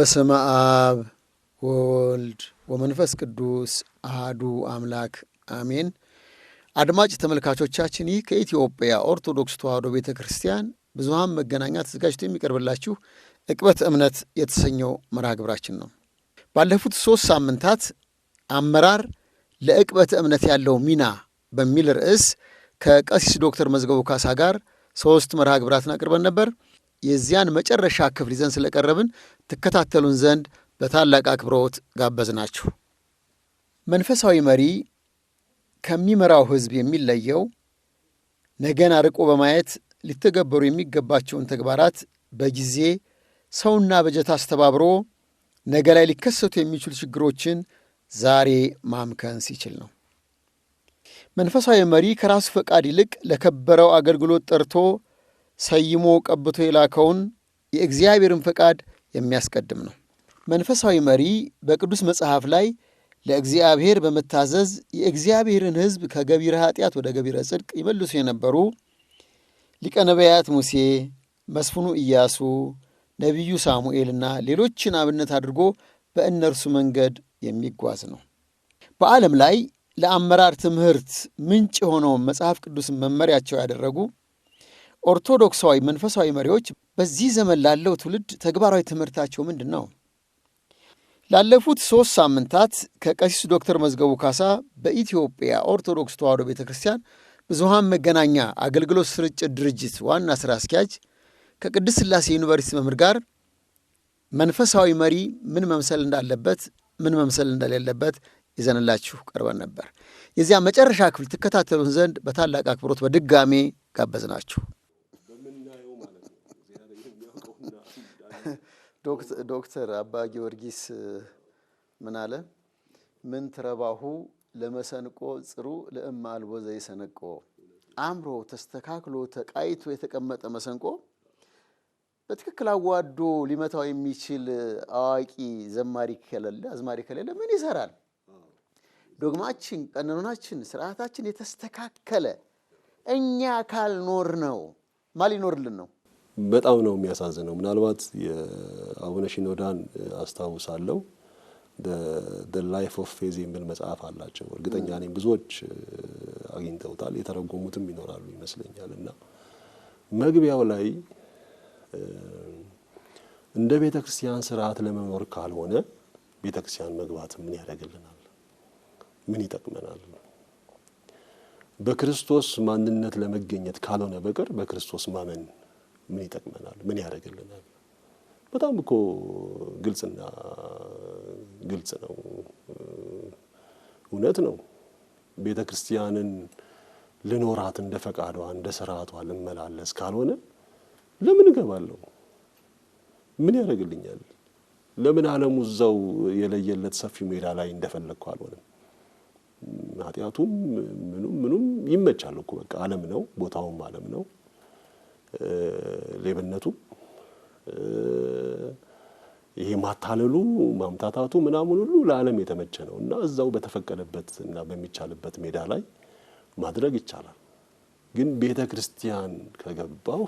በስመ አብ ወወልድ ወመንፈስ ቅዱስ አህዱ አምላክ አሜን። አድማጭ ተመልካቾቻችን ይህ ከኢትዮጵያ ኦርቶዶክስ ተዋሕዶ ቤተ ክርስቲያን ብዙሃን መገናኛ ተዘጋጅቶ የሚቀርብላችሁ ዕቅበተ እምነት የተሰኘው መርሃ ግብራችን ነው። ባለፉት ሦስት ሳምንታት አመራር ለዕቅበተ እምነት ያለው ሚና በሚል ርዕስ ከቀሲስ ዶክተር መዝገቡ ካሳ ጋር ሦስት መርሃ ግብራትን አቅርበን ነበር። የዚያን መጨረሻ ክፍል ይዘን ስለቀረብን ትከታተሉን ዘንድ በታላቅ አክብሮት ጋበዝናችሁ። መንፈሳዊ መሪ ከሚመራው ሕዝብ የሚለየው ነገን አርቆ በማየት ሊተገበሩ የሚገባቸውን ተግባራት በጊዜ ሰውና በጀት አስተባብሮ ነገ ላይ ሊከሰቱ የሚችሉ ችግሮችን ዛሬ ማምከን ሲችል ነው። መንፈሳዊ መሪ ከራሱ ፈቃድ ይልቅ ለከበረው አገልግሎት ጠርቶ ሰይሞ ቀብቶ የላከውን የእግዚአብሔርን ፈቃድ የሚያስቀድም ነው። መንፈሳዊ መሪ በቅዱስ መጽሐፍ ላይ ለእግዚአብሔር በመታዘዝ የእግዚአብሔርን ሕዝብ ከገቢረ ኃጢአት ወደ ገቢረ ጽድቅ ይመልሱ የነበሩ ሊቀ ነቢያት ሙሴ፣ መስፍኑ ኢያሱ፣ ነቢዩ ሳሙኤልና ሌሎችን አብነት አድርጎ በእነርሱ መንገድ የሚጓዝ ነው። በዓለም ላይ ለአመራር ትምህርት ምንጭ የሆነውን መጽሐፍ ቅዱስን መመሪያቸው ያደረጉ ኦርቶዶክሳዊ መንፈሳዊ መሪዎች በዚህ ዘመን ላለው ትውልድ ተግባራዊ ትምህርታቸው ምንድን ነው? ላለፉት ሦስት ሳምንታት ከቀሲስ ዶክተር መዝገቡ ካሳ በኢትዮጵያ ኦርቶዶክስ ተዋሕዶ ቤተ ክርስቲያን ብዙሃን መገናኛ አገልግሎት ስርጭት ድርጅት ዋና ሥራ አስኪያጅ ከቅድስት ሥላሴ ዩኒቨርሲቲ መምህር ጋር መንፈሳዊ መሪ ምን መምሰል እንዳለበት፣ ምን መምሰል እንደሌለበት ይዘንላችሁ ቀርበን ነበር። የዚያ መጨረሻ ክፍል ትከታተሉን ዘንድ በታላቅ አክብሮት በድጋሜ ጋበዝናችሁ። ዶክተር አባ ጊዮርጊስ ምን አለ? ምን ትረባሁ ለመሰንቆ ጽሩ ለእማ አልቦ ዘይሰነቆ። አምሮ ተስተካክሎ ተቃይቶ የተቀመጠ መሰንቆ በትክክል አዋዶ ሊመታው የሚችል አዋቂ ዘማሪ ከሌለ አዝማሪ ከሌለ ምን ይሰራል? ዶግማችን፣ ቀኖናችን፣ ስርዓታችን የተስተካከለ እኛ ካልኖር ነው ማ ሊኖርልን ነው? በጣም ነው የሚያሳዝነው። ምናልባት የአቡነ ሺኖዳን አስታውሳለሁ ላይፍ ኦፍ ፌዝ የሚል መጽሐፍ አላቸው። እርግጠኛ ነኝ ብዙዎች uh, አግኝተውታል፣ የተረጎሙትም ይኖራሉ ይመስለኛል። እና መግቢያው ላይ uh, እንደ ቤተ ክርስቲያን ስርዓት ለመኖር ካልሆነ ቤተ ክርስቲያን መግባት ምን ያደርግልናል? ምን ይጠቅመናል? በክርስቶስ ማንነት ለመገኘት ካልሆነ በቀር በክርስቶስ ማመን ምን ይጠቅመናል? ምን ያደርግልናል? በጣም እኮ ግልጽና ግልጽ ነው። እውነት ነው። ቤተ ክርስቲያንን ልኖራት እንደ ፈቃዷ እንደ ስርዓቷ ልመላለስ ካልሆነ ለምን እገባለሁ? ምን ያደርግልኛል? ለምን ዓለሙ እዛው የለየለት ሰፊ ሜዳ ላይ እንደፈለግኩ አልሆንም። ኃጢአቱም ምኑም ምኑም ይመቻል እኮ በቃ ዓለም ነው፣ ቦታውም ዓለም ነው። ሌብነቱ ይሄ ማታለሉ ማምታታቱ ምናምን ሁሉ ለዓለም የተመቸ ነው እና እዛው በተፈቀደበት እና በሚቻልበት ሜዳ ላይ ማድረግ ይቻላል። ግን ቤተ ክርስቲያን ከገባሁ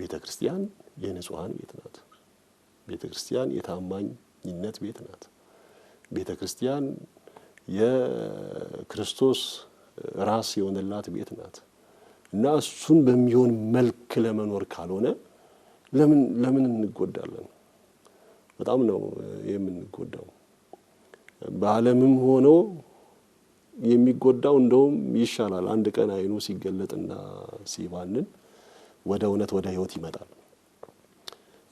ቤተ ክርስቲያን የንጹሐን ቤት ናት። ቤተ ክርስቲያን የታማኝነት ቤት ናት። ቤተ ክርስቲያን የክርስቶስ ራስ የሆነላት ቤት ናት። እና እሱን በሚሆን መልክ ለመኖር ካልሆነ ለምን ለምን እንጎዳለን? በጣም ነው የምንጎዳው። በዓለምም ሆኖ የሚጎዳው እንደውም ይሻላል። አንድ ቀን አይኑ ሲገለጥና ሲባንን ወደ እውነት ወደ ህይወት ይመጣል።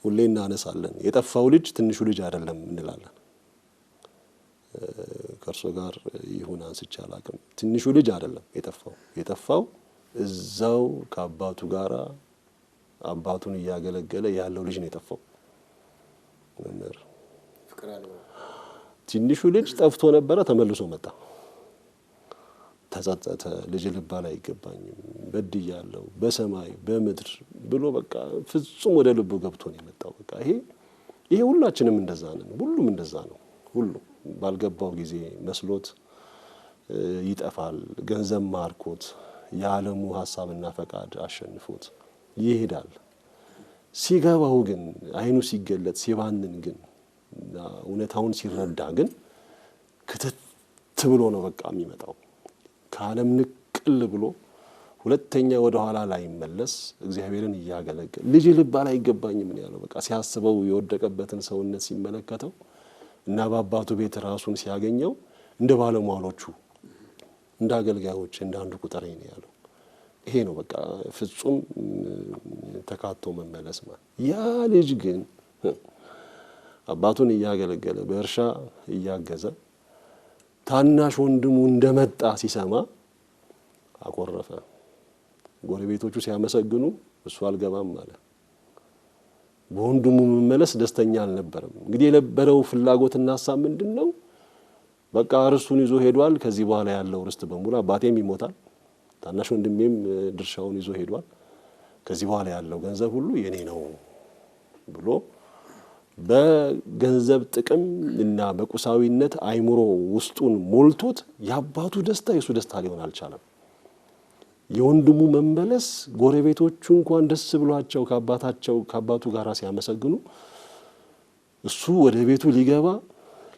ሁሌ እናነሳለን። የጠፋው ልጅ ትንሹ ልጅ አይደለም እንላለን። ከእርሶ ጋር ይሁን አንስቼ አላቅም። ትንሹ ልጅ አይደለም የጠፋው የጠፋው እዛው ከአባቱ ጋር አባቱን እያገለገለ ያለው ልጅ ነው የጠፋው። መምህር ትንሹ ልጅ ጠፍቶ ነበረ፣ ተመልሶ መጣ። ተጸጸተ። ልጅ ልባል አይገባኝም፣ በድያለሁ፣ በሰማይ በምድር ብሎ በቃ ፍጹም ወደ ልቡ ገብቶ ነው የመጣው። በቃ ይሄ ይሄ ሁላችንም እንደዛ ነን። ሁሉም እንደዛ ነው። ሁሉም ባልገባው ጊዜ መስሎት ይጠፋል። ገንዘብ ማርኮት የዓለሙ ሀሳብና ፈቃድ አሸንፎት ይሄዳል። ሲገባው ግን አይኑ ሲገለጥ ሲባንን ግን እውነታውን ሲረዳ ግን ክትት ብሎ ነው በቃ የሚመጣው ከዓለም ንቅል ብሎ ሁለተኛ ወደ ኋላ ላይ መለስ እግዚአብሔርን እያገለገለ ልጅ ልባል አይገባኝም ነው ያለው። በቃ ሲያስበው የወደቀበትን ሰውነት ሲመለከተው እና በአባቱ ቤት ራሱን ሲያገኘው እንደ ባለሟሎቹ እንደ አገልጋዮች እንደ አንዱ ቁጥሬ ነው ያለው። ይሄ ነው በቃ ፍጹም ተካቶ መመለስ ማለት። ያ ልጅ ግን አባቱን እያገለገለ በእርሻ እያገዘ ታናሽ ወንድሙ እንደመጣ ሲሰማ አኮረፈ። ጎረቤቶቹ ሲያመሰግኑ እሱ አልገባም አለ። በወንድሙ መመለስ ደስተኛ አልነበረም። እንግዲህ የነበረው ፍላጎትና ሀሳብ ምንድን ነው? በቃ ርስቱን ይዞ ሄዷል። ከዚህ በኋላ ያለው ርስት በሙሉ አባቴም ይሞታል፣ ታናሽ ወንድሜም ድርሻውን ይዞ ሄዷል። ከዚህ በኋላ ያለው ገንዘብ ሁሉ የኔ ነው ብሎ በገንዘብ ጥቅም እና በቁሳዊነት አይምሮ ውስጡን ሞልቶት የአባቱ ደስታ የእሱ ደስታ ሊሆን አልቻለም። የወንድሙ መመለስ ጎረቤቶቹ እንኳን ደስ ብሏቸው ከአባታቸው ከአባቱ ጋር ሲያመሰግኑ እሱ ወደ ቤቱ ሊገባ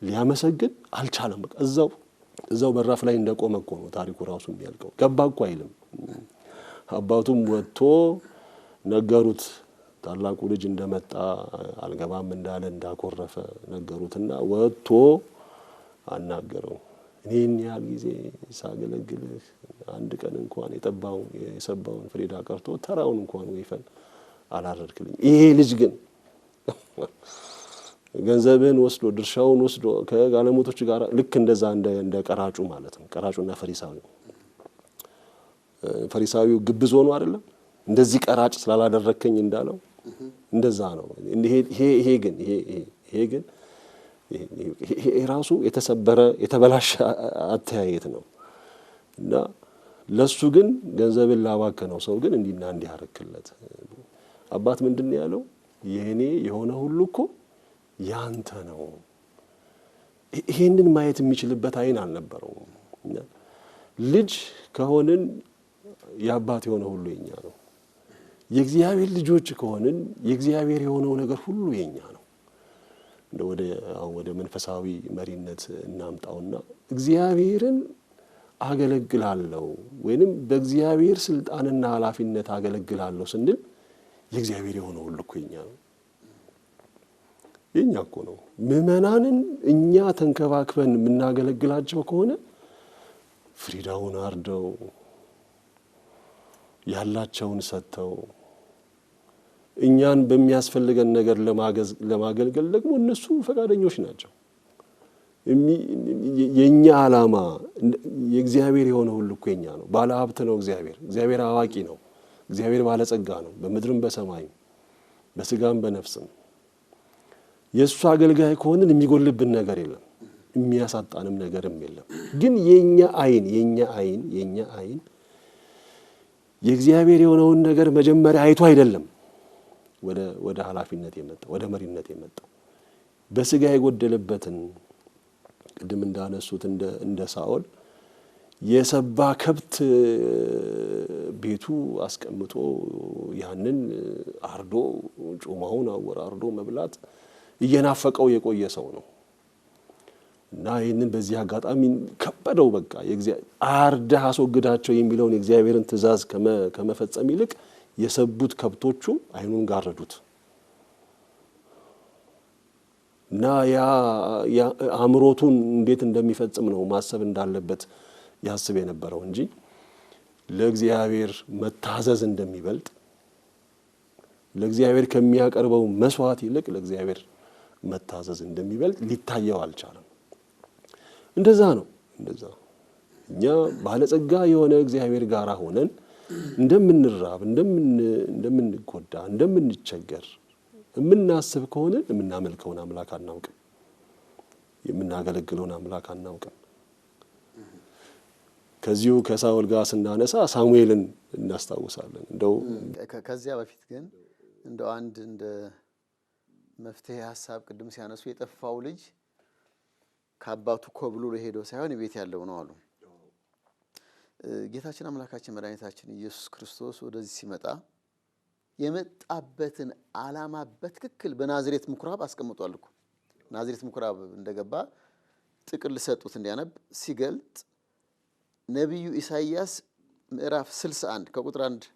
ሊያመሰግን አልቻለም። በቃ እዛው እዛው በራፍ ላይ እንደቆመ እኮ ነው ታሪኩ ራሱ የሚያልቀው። ገባ እኮ አይልም። አባቱም ወጥቶ ነገሩት። ታላቁ ልጅ እንደመጣ አልገባም እንዳለ እንዳኮረፈ ነገሩትና ወጥቶ አናገረው። እኔን ያህል ጊዜ ሳገለግልህ አንድ ቀን እንኳን የጠባውን የሰባውን ፍሬዳ ቀርቶ ተራውን እንኳን ወይፈን አላረድክልኝ። ይሄ ልጅ ግን ገንዘብህን ወስዶ ድርሻውን ወስዶ ከጋለሞቶች ጋር ልክ እንደዛ እንደ ቀራጩ ማለት ነው። ቀራጩና ፈሪሳዊ ፈሪሳዊው ግብዝ ሆኖ አይደለም እንደዚህ ቀራጭ ስላላደረከኝ እንዳለው እንደዛ ነው። ይሄ ግን ይሄ ግን ራሱ የተሰበረ የተበላሸ አተያየት ነው እና ለሱ ግን ገንዘብን ላባከነው ሰው ግን እንዲና እንዲያረክለት አባት ምንድን ያለው የእኔ የሆነ ሁሉ እኮ ያንተ ነው። ይሄንን ማየት የሚችልበት አይን አልነበረውም። ልጅ ከሆንን የአባት የሆነ ሁሉ የኛ ነው። የእግዚአብሔር ልጆች ከሆንን የእግዚአብሔር የሆነው ነገር ሁሉ የኛ ነው። ወደ መንፈሳዊ መሪነት እናምጣውና እግዚአብሔርን አገለግላለሁ ወይንም በእግዚአብሔር ስልጣንና ኃላፊነት አገለግላለሁ ስንል የእግዚአብሔር የሆነ ሁሉ እኮ የኛ ነው። የኛ እኮ ነው። ምእመናንን እኛ ተንከባክበን የምናገለግላቸው ከሆነ ፍሪዳውን አርደው ያላቸውን ሰጥተው እኛን በሚያስፈልገን ነገር ለማገልገል ደግሞ እነሱ ፈቃደኞች ናቸው። የእኛ ዓላማ የእግዚአብሔር የሆነ ሁሉ እኮ የኛ ነው። ባለ ሀብት ነው እግዚአብሔር። እግዚአብሔር አዋቂ ነው። እግዚአብሔር ባለጸጋ ነው። በምድርም በሰማይም በስጋም በነፍስም የእሱ አገልጋይ ከሆንን የሚጎልብን ነገር የለም፣ የሚያሳጣንም ነገርም የለም። ግን የእኛ አይን የእኛ አይን የእኛ አይን የእግዚአብሔር የሆነውን ነገር መጀመሪያ አይቶ አይደለም ወደ ኃላፊነት የመጣው ወደ መሪነት የመጣው በስጋ የጎደለበትን ቅድም እንዳነሱት እንደ ሳኦል የሰባ ከብት ቤቱ አስቀምጦ ያንን አርዶ ጮማውን አወራርዶ መብላት እየናፈቀው የቆየ ሰው ነው እና ይህንን በዚህ አጋጣሚ ከበደው። በቃ አርደህ አስወግዳቸው የሚለውን የእግዚአብሔርን ትእዛዝ ከመፈጸም ይልቅ የሰቡት ከብቶቹ አይኑን ጋረዱት እና ያ አእምሮቱን እንዴት እንደሚፈጽም ነው ማሰብ እንዳለበት ያስብ የነበረው እንጂ ለእግዚአብሔር መታዘዝ እንደሚበልጥ ለእግዚአብሔር ከሚያቀርበው መስዋዕት ይልቅ ለእግዚአብሔር መታዘዝ እንደሚበልጥ ሊታየው አልቻለም። እንደዛ ነው። እንደዛ እኛ ባለጸጋ የሆነ እግዚአብሔር ጋር ሆነን እንደምንራብ፣ እንደምንጎዳ፣ እንደምንቸገር የምናስብ ከሆነን የምናመልከውን አምላክ አናውቅም። የምናገለግለውን አምላክ አናውቅም። ከዚሁ ከሳውል ጋር ስናነሳ ሳሙኤልን እናስታውሳለን። እንደው ከዚያ በፊት ግን እንደው አንድ እንደ መፍትሄ ሀሳብ ቅድም ሲያነሱ የጠፋው ልጅ ከአባቱ ኮብሉ ሄደው ሳይሆን ቤት ያለው ነው አሉ። ጌታችን አምላካችን መድኃኒታችን ኢየሱስ ክርስቶስ ወደዚህ ሲመጣ የመጣበትን ዓላማ በትክክል በናዝሬት ምኩራብ አስቀምጧል እኮ። ናዝሬት ምኩራብ እንደገባ ጥቅል ሰጡት እንዲያነብ ሲገልጥ ነቢዩ ኢሳይያስ ምዕራፍ 61 ከቁጥር 1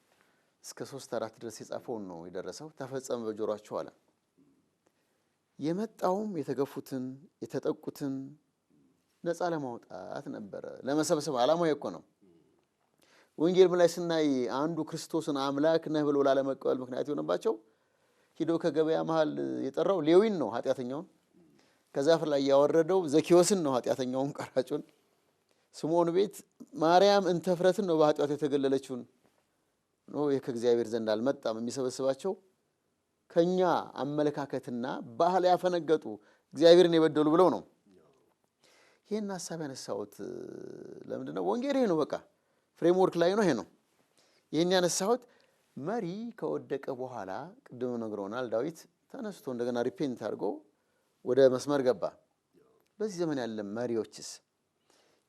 እስከ 3 4 ድረስ የጻፈውን ነው የደረሰው። ተፈጸመ በጆሯቸው አለ። የመጣውም የተገፉትን የተጠቁትን ነፃ ለማውጣት ነበረ፣ ለመሰብሰብ አላማ እኮ ነው። ወንጌል ላይ ስናይ አንዱ ክርስቶስን አምላክ ነህ ብሎ ላለመቀበል ምክንያት የሆነባቸው ሂዶ ከገበያ መሃል የጠራው ሌዊን ነው ኃጢአተኛውን፣ ከዛፍ ላይ ያወረደው ዘኪዎስን ነው ኃጢአተኛውን ቀራጩን፣ ስምዖን ቤት ማርያም እንተፍረትን ነው በኃጢአቱ የተገለለችውን ነው። ይህ ከእግዚአብሔር ዘንድ አልመጣም የሚሰበስባቸው ከኛ አመለካከትና ባህል ያፈነገጡ እግዚአብሔርን የበደሉ ብለው ነው ይህን ሀሳብ ያነሳሁት። ለምንድነው ነው ወንጌል ይሄ ነው፣ በቃ ፍሬምወርክ ላይ ነው ይሄ ነው። ይህን ያነሳሁት መሪ ከወደቀ በኋላ ቅድም ነግሮናል፣ ዳዊት ተነስቶ እንደገና ሪፔንት አድርጎ ወደ መስመር ገባ። በዚህ ዘመን ያለ መሪዎችስ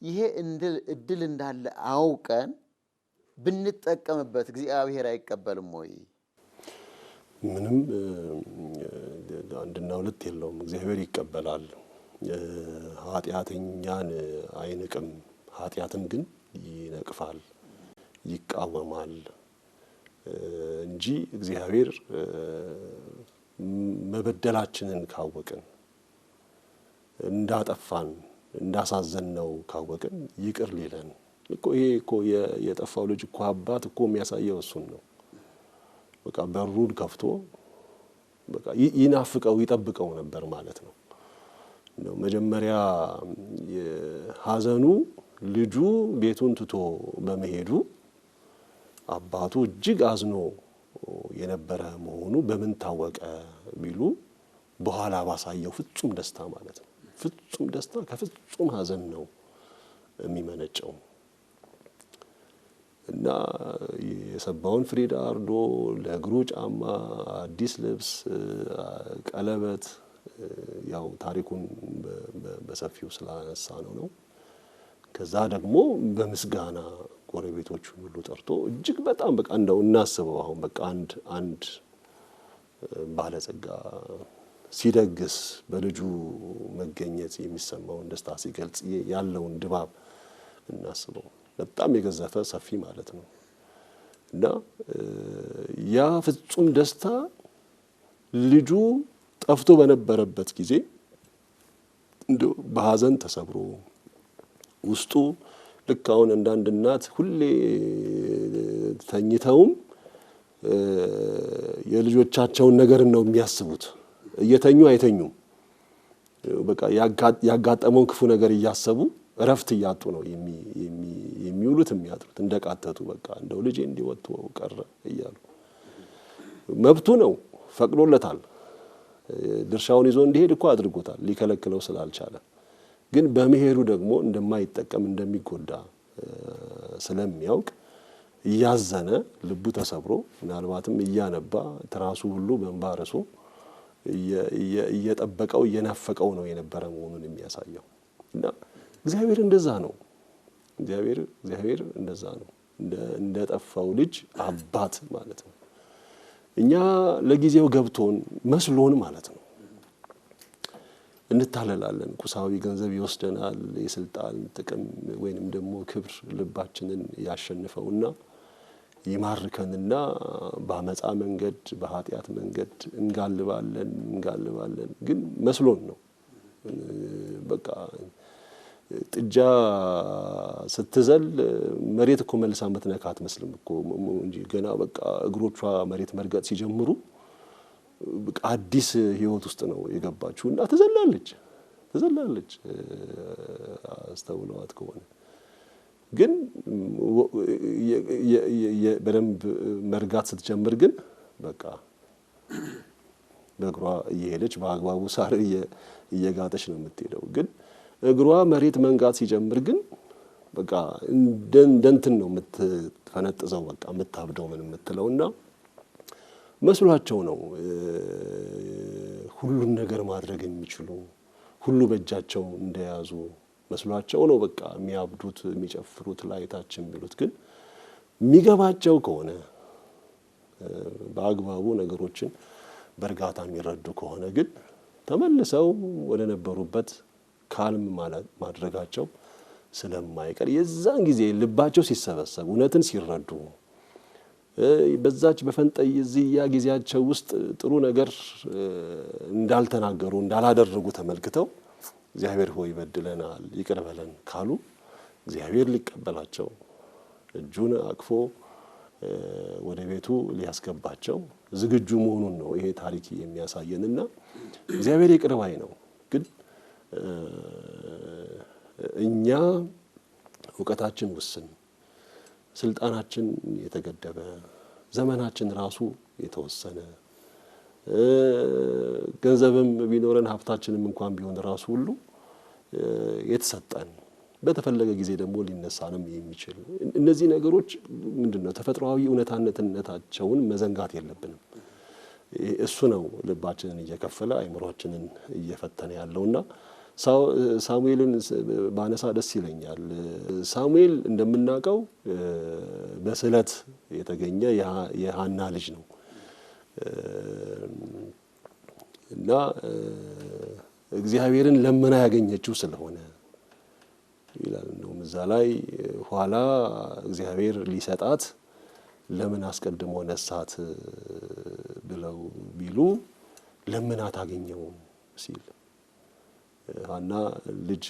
ይሄ እድል እንዳለ አውቀን ብንጠቀምበት እግዚአብሔር አይቀበልም ወይ? ምንም አንድና ሁለት የለውም። እግዚአብሔር ይቀበላል። ኃጢአተኛን አይንቅም፣ ኃጢአትን ግን ይነቅፋል፣ ይቃወማል እንጂ እግዚአብሔር መበደላችንን ካወቅን እንዳጠፋን ነው ካወቅን ይቅር ሊለን እኮ ይሄ እኮ የጠፋው ልጅ እኮ አባት እኮ የሚያሳየው እሱን ነው። በቃ በሩን ከፍቶ በቃ ይናፍቀው ይጠብቀው ነበር ማለት ነው። መጀመሪያ ሐዘኑ ልጁ ቤቱን ትቶ በመሄዱ አባቱ እጅግ አዝኖ የነበረ መሆኑ በምን ታወቀ ቢሉ በኋላ ባሳየው ፍጹም ደስታ ማለት ነው። ፍጹም ደስታ ከፍጹም ሐዘን ነው የሚመነጨው። እና የሰባውን ፍሪዳ አርዶ ለእግሩ ጫማ አዲስ ልብስ፣ ቀለበት ያው ታሪኩን በሰፊው ስላነሳ ነው ነው ከዛ ደግሞ በምስጋና ጎረቤቶቹን ሁሉ ጠርቶ እጅግ በጣም በቃ እንደው እናስበው አሁን በቃ አንድ አንድ ባለጸጋ ሲደግስ በልጁ መገኘት የሚሰማውን ደስታ ሲገልጽ ያለውን ድባብ እናስበው። በጣም የገዘፈ ሰፊ ማለት ነው። እና ያ ፍጹም ደስታ ልጁ ጠፍቶ በነበረበት ጊዜ በሀዘን ተሰብሮ ውስጡ ልክ አሁን እንዳንድ እናት ሁሌ ተኝተውም የልጆቻቸውን ነገር ነው የሚያስቡት። እየተኙ አይተኙም። በቃ ያጋጠመውን ክፉ ነገር እያሰቡ እረፍት እያጡ ነው የሚውሉት የሚያድሩት እንደቃተቱ በቃ እንደው ልጄ እንዲወጡ ቀረ እያሉ መብቱ ነው፣ ፈቅዶለታል። ድርሻውን ይዞ እንዲሄድ እኮ አድርጎታል፣ ሊከለክለው ስላልቻለ። ግን በመሄዱ ደግሞ እንደማይጠቀም እንደሚጎዳ ስለሚያውቅ እያዘነ ልቡ ተሰብሮ ምናልባትም እያነባ ትራሱ ሁሉ በንባረሶ እየጠበቀው እየናፈቀው ነው የነበረ መሆኑን የሚያሳየው እና እግዚአብሔር እንደዛ ነው። እግዚአብሔር እግዚአብሔር እንደዛ ነው። እንደጠፋው ልጅ አባት ማለት ነው። እኛ ለጊዜው ገብቶን መስሎን ማለት ነው እንታለላለን። ቁሳዊ ገንዘብ ይወስደናል፣ የስልጣን ጥቅም ወይንም ደግሞ ክብር ልባችንን ያሸንፈውና ይማርከንና በአመፃ መንገድ በኃጢአት መንገድ እንጋልባለን እንጋልባለን። ግን መስሎን ነው በቃ ጥጃ ስትዘል መሬት እኮ መልሳ ምትነካ አትመስልም እኮ እንጂ ገና በቃ እግሮቿ መሬት መርገጥ ሲጀምሩ አዲስ ህይወት ውስጥ ነው የገባችው እና ትዘላለች ትዘላለች አስተውለዋት ከሆነ ግን በደንብ መርጋት ስትጀምር ግን በቃ በእግሯ እየሄደች በአግባቡ ሳር እየጋጠች ነው የምትሄደው ግን እግሯ መሬት መንጋት ሲጀምር ግን በቃ እንደንትን ነው የምትፈነጥዘው፣ በቃ የምታብደው ምን የምትለው እና መስሏቸው ነው ሁሉን ነገር ማድረግ የሚችሉ ሁሉ በእጃቸው እንደያዙ መስሏቸው ነው በቃ የሚያብዱት የሚጨፍሩት ላይታችን የሚሉት ግን የሚገባቸው ከሆነ በአግባቡ ነገሮችን በእርጋታ የሚረዱ ከሆነ ግን ተመልሰው ወደ ነበሩበት ካልም ማድረጋቸው ስለማይቀር የዛን ጊዜ ልባቸው ሲሰበሰብ እውነትን ሲረዱ በዛች በፈንጠዝያ ጊዜያቸው ውስጥ ጥሩ ነገር እንዳልተናገሩ እንዳላደረጉ ተመልክተው እግዚአብሔር ሆይ በድለናል ይቅር በለን ካሉ እግዚአብሔር ሊቀበላቸው እጁን አቅፎ ወደ ቤቱ ሊያስገባቸው ዝግጁ መሆኑን ነው ይሄ ታሪክ የሚያሳየንና እግዚአብሔር ይቅር ባይ ነው። እኛ እውቀታችን ውስን፣ ስልጣናችን የተገደበ፣ ዘመናችን ራሱ የተወሰነ ገንዘብም ቢኖረን ሀብታችንም እንኳን ቢሆን ራሱ ሁሉ የተሰጠን በተፈለገ ጊዜ ደግሞ ሊነሳንም የሚችል እነዚህ ነገሮች ምንድን ነው ተፈጥሯዊ እውነታነትነታቸውን መዘንጋት የለብንም። እሱ ነው ልባችንን እየከፈለ አይምሯችንን እየፈተነ ያለውና ሳሙኤልን ባነሳ ደስ ይለኛል። ሳሙኤል እንደምናውቀው በስዕለት የተገኘ የሀና ልጅ ነው እና እግዚአብሔርን ለመና ያገኘችው ስለሆነ ይላል። ነው እዛ ላይ ኋላ እግዚአብሔር ሊሰጣት ለምን አስቀድሞ ነሳት ብለው ቢሉ ለምን አታገኘውም ሲል ሀና ልጅ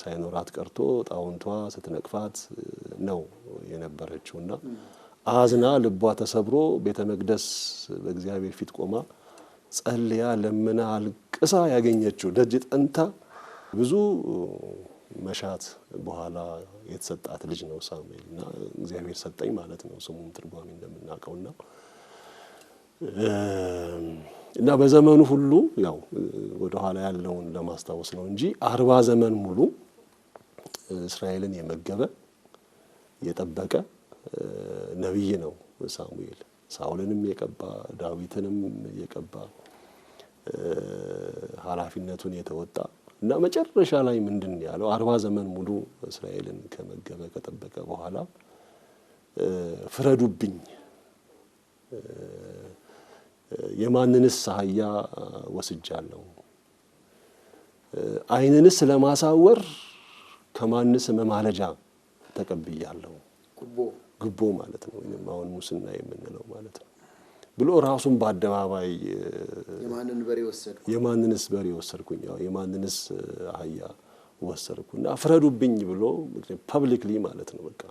ሳይኖራት ቀርቶ ጣውንቷ ስትነቅፋት ነው የነበረችው እና አዝና ልቧ ተሰብሮ ቤተ መቅደስ በእግዚአብሔር ፊት ቆማ ጸልያ ለምና አልቅሳ ያገኘችው ደጅ ጠንታ ብዙ መሻት በኋላ የተሰጣት ልጅ ነው ሳሙኤል እና እግዚአብሔር ሰጠኝ ማለት ነው ስሙም ትርጓሜ ና እና በዘመኑ ሁሉ ያው ወደኋላ ያለውን ለማስታወስ ነው እንጂ አርባ ዘመን ሙሉ እስራኤልን የመገበ የጠበቀ ነቢይ ነው ሳሙኤል። ሳውልንም የቀባ ዳዊትንም የቀባ ኃላፊነቱን የተወጣ እና መጨረሻ ላይ ምንድን ያለው አርባ ዘመን ሙሉ እስራኤልን ከመገበ ከጠበቀ በኋላ ፍረዱብኝ የማንንስ አህያ ወስጃለሁ? አይንንስ ለማሳወር ከማንስ መማለጃ ተቀብያለሁ? ጉቦ ማለት ነው፣ ወይም አሁን ሙስና የምንለው ማለት ነው ብሎ ራሱን በአደባባይ የማንንስ በሬ ወሰድኩኝ፣ የማንንስ አህያ ወሰድኩና ፍረዱብኝ ብሎ ፐብሊክሊ ማለት ነው በቃ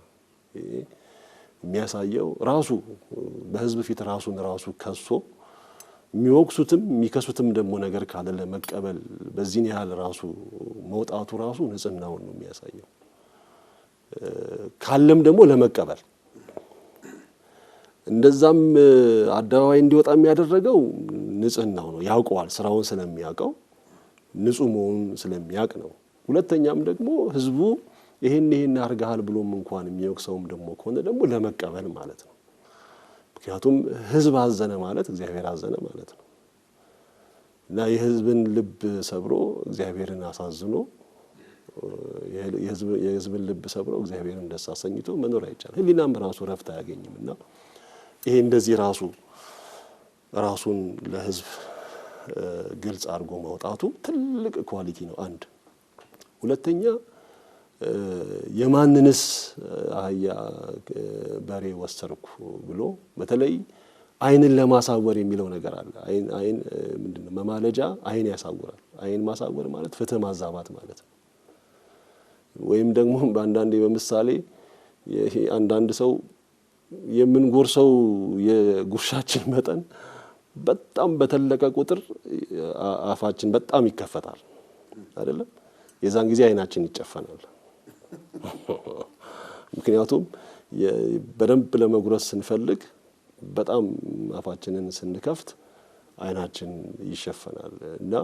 የሚያሳየው ራሱ በህዝብ ፊት ራሱን ራሱ ከሶ የሚወቅሱትም የሚከሱትም ደግሞ ነገር ካለ ለመቀበል በዚህን ያህል ራሱ መውጣቱ ራሱ ንጽህናውን ነው የሚያሳየው። ካለም ደግሞ ለመቀበል እንደዛም አደባባይ እንዲወጣ የሚያደረገው ንጽህናው ነው። ያውቀዋል፣ ስራውን ስለሚያውቀው ንጹህ መሆኑን ስለሚያውቅ ነው። ሁለተኛም ደግሞ ህዝቡ ይህን ይህን አድርገሃል ብሎም እንኳን የሚወቅሰውም ደግሞ ከሆነ ደግሞ ለመቀበል ማለት ነው። ምክንያቱም ህዝብ አዘነ ማለት እግዚአብሔር አዘነ ማለት ነው እና የህዝብን ልብ ሰብሮ እግዚአብሔርን አሳዝኖ የህዝብን ልብ ሰብሮ እግዚአብሔርን ደስ አሰኝቶ መኖር አይቻልም። ህሊናም ራሱ ረፍት አያገኝም እና ይሄ እንደዚህ ራሱ ራሱን ለህዝብ ግልጽ አድርጎ ማውጣቱ ትልቅ ኳሊቲ ነው። አንድ ሁለተኛ የማንንስ አህያ በሬ ወሰርኩ ብሎ በተለይ አይንን ለማሳወር የሚለው ነገር አለ። ዓይን ምንድነው? መማለጃ አይን ያሳውራል። አይን ማሳወር ማለት ፍትህ ማዛባት ማለት ነው። ወይም ደግሞ በአንዳንዴ በምሳሌ አንዳንድ ሰው የምንጎርሰው የጉርሻችን መጠን በጣም በተለቀ ቁጥር አፋችን በጣም ይከፈታል አይደለም? የዛን ጊዜ አይናችን ይጨፈናል። ምክንያቱም በደንብ ለመጉረስ ስንፈልግ በጣም አፋችንን ስንከፍት አይናችን ይሸፈናል እና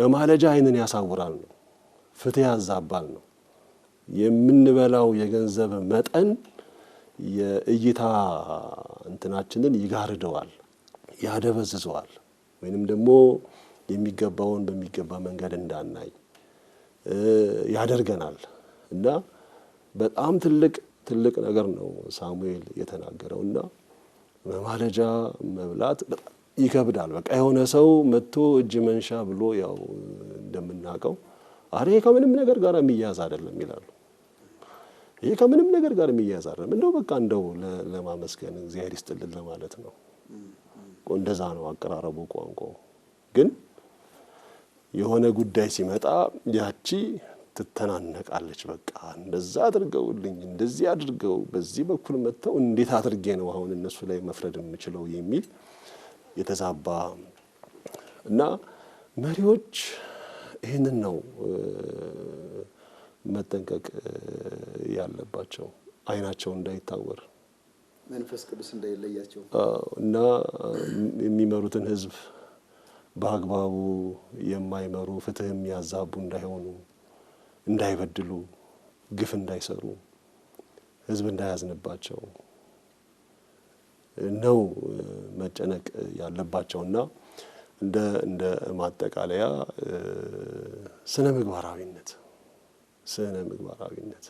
መማለጃ አይንን ያሳውራል ነው፣ ፍትህ ያዛባል ነው። የምንበላው የገንዘብ መጠን የእይታ እንትናችንን ይጋርደዋል፣ ያደበዝዘዋል ወይንም ደግሞ የሚገባውን በሚገባ መንገድ እንዳናይ ያደርገናል እና በጣም ትልቅ ትልቅ ነገር ነው ሳሙኤል የተናገረው እና መማለጃ መብላት ይከብዳል። በቃ የሆነ ሰው መጥቶ እጅ መንሻ ብሎ ያው እንደምናውቀው አረ ይሄ ከምንም ነገር ጋር የሚያያዝ አይደለም ይላሉ። ይሄ ከምንም ነገር ጋር የሚያያዝ አይደለም፣ እንደው በቃ እንደው ለማመስገን እግዚአብሔር ይስጥልን ለማለት ነው። እንደዛ ነው አቀራረቡ ቋንቋው ግን የሆነ ጉዳይ ሲመጣ ያቺ ትተናነቃለች። በቃ እንደዛ አድርገውልኝ እንደዚህ አድርገው በዚህ በኩል መጥተው እንዴት አድርጌ ነው አሁን እነሱ ላይ መፍረድ የምችለው የሚል የተዛባ እና መሪዎች ይህንን ነው መጠንቀቅ ያለባቸው፣ አይናቸው እንዳይታወር መንፈስ ቅዱስ እንዳይለያቸው እና የሚመሩትን ህዝብ በአግባቡ የማይመሩ ፍትህ የሚያዛቡ እንዳይሆኑ፣ እንዳይበድሉ፣ ግፍ እንዳይሰሩ፣ ህዝብ እንዳያዝንባቸው ነው መጨነቅ ያለባቸው እና እንደ እንደ ማጠቃለያ ስነ ምግባራዊነት ስነ ምግባራዊነት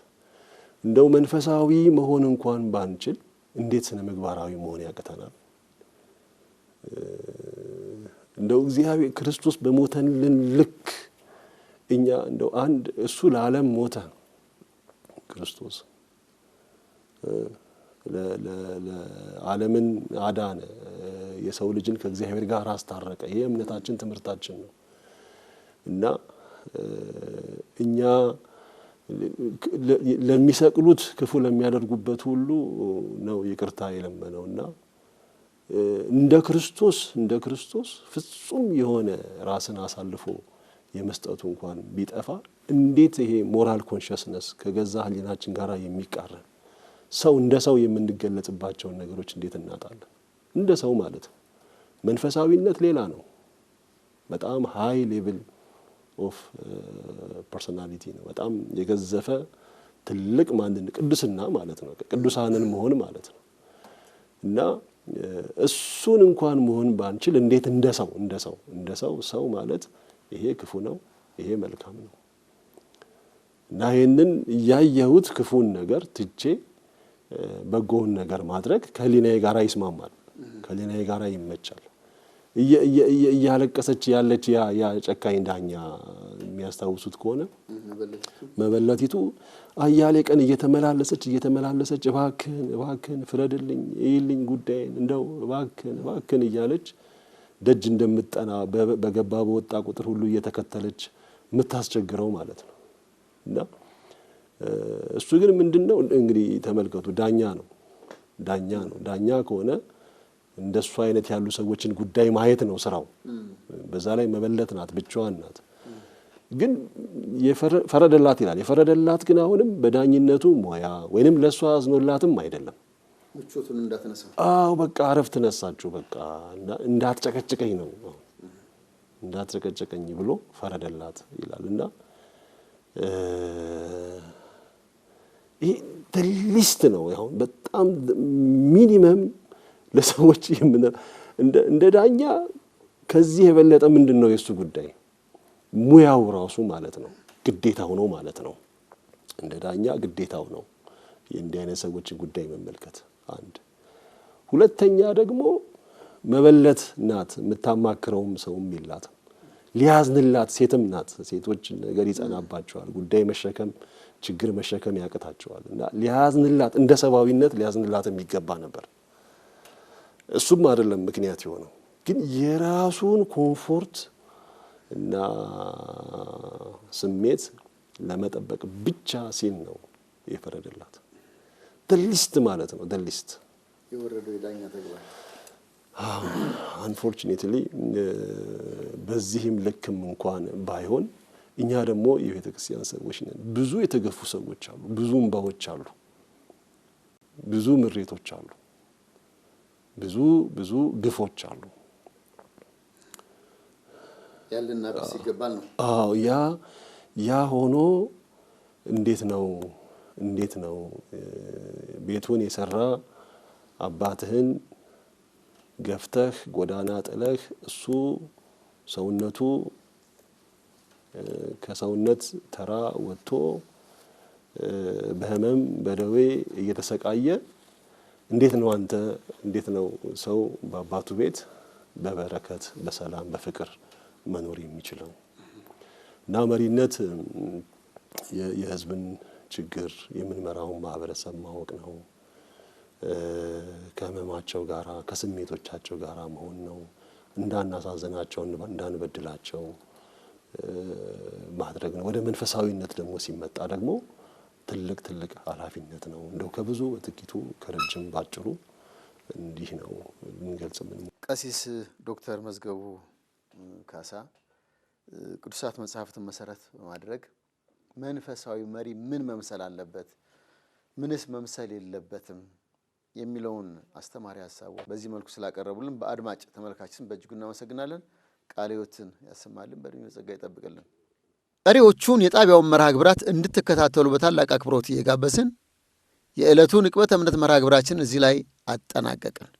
እንደው መንፈሳዊ መሆን እንኳን ባንችል እንዴት ስነ ምግባራዊ መሆን ያቅተናል? እንደው እግዚአብሔር ክርስቶስ በሞተልን ልክ እኛ እንደው አንድ እሱ ለዓለም ሞተ ክርስቶስ ዓለምን አዳነ። የሰው ልጅን ከእግዚአብሔር ጋር አስታረቀ። ይህ እምነታችን ትምህርታችን ነው እና እኛ ለሚሰቅሉት ክፉ ለሚያደርጉበት ሁሉ ነው ይቅርታ የለመነው እና እንደ ክርስቶስ እንደ ክርስቶስ ፍጹም የሆነ ራስን አሳልፎ የመስጠቱ እንኳን ቢጠፋ እንዴት ይሄ ሞራል ኮንሽስነስ ከገዛ ህሊናችን ጋር የሚቃረን ሰው እንደ ሰው የምንገለጽባቸውን ነገሮች እንዴት እናጣለን? እንደ ሰው ማለት ነው። መንፈሳዊነት ሌላ ነው። በጣም ሃይ ሌቭል ኦፍ ፐርሶናሊቲ ነው። በጣም የገዘፈ ትልቅ ማንነት ቅዱስና ማለት ነው። ቅዱሳንን መሆን ማለት ነው እና እሱን እንኳን መሆን ባንችል እንዴት እንደ ሰው እንደ ሰው እንደ ሰው ሰው ማለት ይሄ ክፉ ነው፣ ይሄ መልካም ነው እና ይህንን እያየሁት ክፉን ነገር ትቼ በጎውን ነገር ማድረግ ከህሊናዬ ጋር ይስማማል፣ ከህሊናዬ ጋር ይመቻል። እያለቀሰች ያለች ያ ጨካኝ ዳኛ የሚያስታውሱት ከሆነ መበለቲቱ አያሌ ቀን እየተመላለሰች እየተመላለሰች እባክን እባክን ፍረድልኝ ይልኝ ጉዳይን እንደው እባክን እባክን እያለች ደጅ እንደምጠና በገባ በወጣ ቁጥር ሁሉ እየተከተለች የምታስቸግረው ማለት ነው። እና እሱ ግን ምንድን ነው እንግዲህ ተመልከቱ፣ ዳኛ ነው ዳኛ ነው ዳኛ ከሆነ እንደሱ አይነት ያሉ ሰዎችን ጉዳይ ማየት ነው ስራው። በዛ ላይ መበለት ናት፣ ብቻዋን ናት። ግን ፈረደላት ይላል። የፈረደላት ግን አሁንም በዳኝነቱ ሙያ ወይንም ለእሷ አዝኖላትም አይደለም። አዎ በቃ አረፍ ትነሳችሁ፣ በቃ እንዳትጨቀጭቀኝ ነው እንዳትጨቀጭቀኝ ብሎ ፈረደላት ይላል እና ይህ ትሊስት ነው ሁን በጣም ሚኒመም ለሰዎች እንደ ዳኛ ከዚህ የበለጠ ምንድን ነው የእሱ ጉዳይ ሙያው ራሱ ማለት ነው ግዴታው ነው ማለት ነው። እንደ ዳኛ ግዴታው ነው የእንዲህ አይነት ሰዎችን ጉዳይ መመልከት አንድ። ሁለተኛ ደግሞ መበለት ናት የምታማክረውም ሰውም ይላት ሊያዝንላት ሴትም ናት። ሴቶች ነገር ይጸናባቸዋል፣ ጉዳይ መሸከም ችግር መሸከም ያቅታቸዋል እና ሊያዝንላት እንደ ሰብአዊነት ሊያዝንላት የሚገባ ነበር። እሱም አይደለም ምክንያት የሆነው ግን የራሱን ኮምፎርት እና ስሜት ለመጠበቅ ብቻ ሲል ነው የፈረደላት። ደሊስት ማለት ነው ደሊስት የወረደው የዳኛ ተግባር አንፎርቹኔትሊ በዚህም ልክም እንኳን ባይሆን እኛ ደግሞ የቤተ ክርስቲያን ሰዎች ነን። ብዙ የተገፉ ሰዎች አሉ፣ ብዙ እንባዎች አሉ፣ ብዙ ምሬቶች አሉ። ብዙ ብዙ ግፎች አሉ። አዎ ያ ያ ሆኖ እንዴት ነው እንዴት ነው ቤቱን የሰራ አባትህን ገፍተህ ጎዳና ጥለህ እሱ ሰውነቱ ከሰውነት ተራ ወጥቶ በህመም በደዌ እየተሰቃየ እንዴት ነው አንተ እንዴት ነው ሰው በአባቱ ቤት በበረከት በሰላም በፍቅር መኖር የሚችለው? እና መሪነት የህዝብን ችግር የምንመራውን ማህበረሰብ ማወቅ ነው። ከህመማቸው ጋራ ከስሜቶቻቸው ጋራ መሆን ነው። እንዳናሳዘናቸው እንዳንበድላቸው ማድረግ ነው። ወደ መንፈሳዊነት ደግሞ ሲመጣ ደግሞ ትልቅ ትልቅ ኃላፊነት ነው። እንደው ከብዙ በጥቂቱ ከረጅም ባጭሩ እንዲህ ነው እንገልጽ። ምን ቀሲስ ዶክተር መዝገቡ ካሳ ቅዱሳት መጽሐፍትን መሰረት በማድረግ መንፈሳዊ መሪ ምን መምሰል አለበት፣ ምንስ መምሰል የለበትም የሚለውን አስተማሪ ሀሳቡ በዚህ መልኩ ስላቀረቡልን በአድማጭ ተመልካችን በእጅጉ እናመሰግናለን። ቃለ ሕይወትን ያሰማልን፣ በዕድሜ ጸጋ ይጠብቅልን። ቀሪዎቹን የጣቢያውን መርሃ ግብራት እንድትከታተሉ በታላቅ አክብሮት እየጋበዝን የዕለቱን ንቅበተ እምነት መርሃ ግብራችን እዚህ ላይ አጠናቀቅን።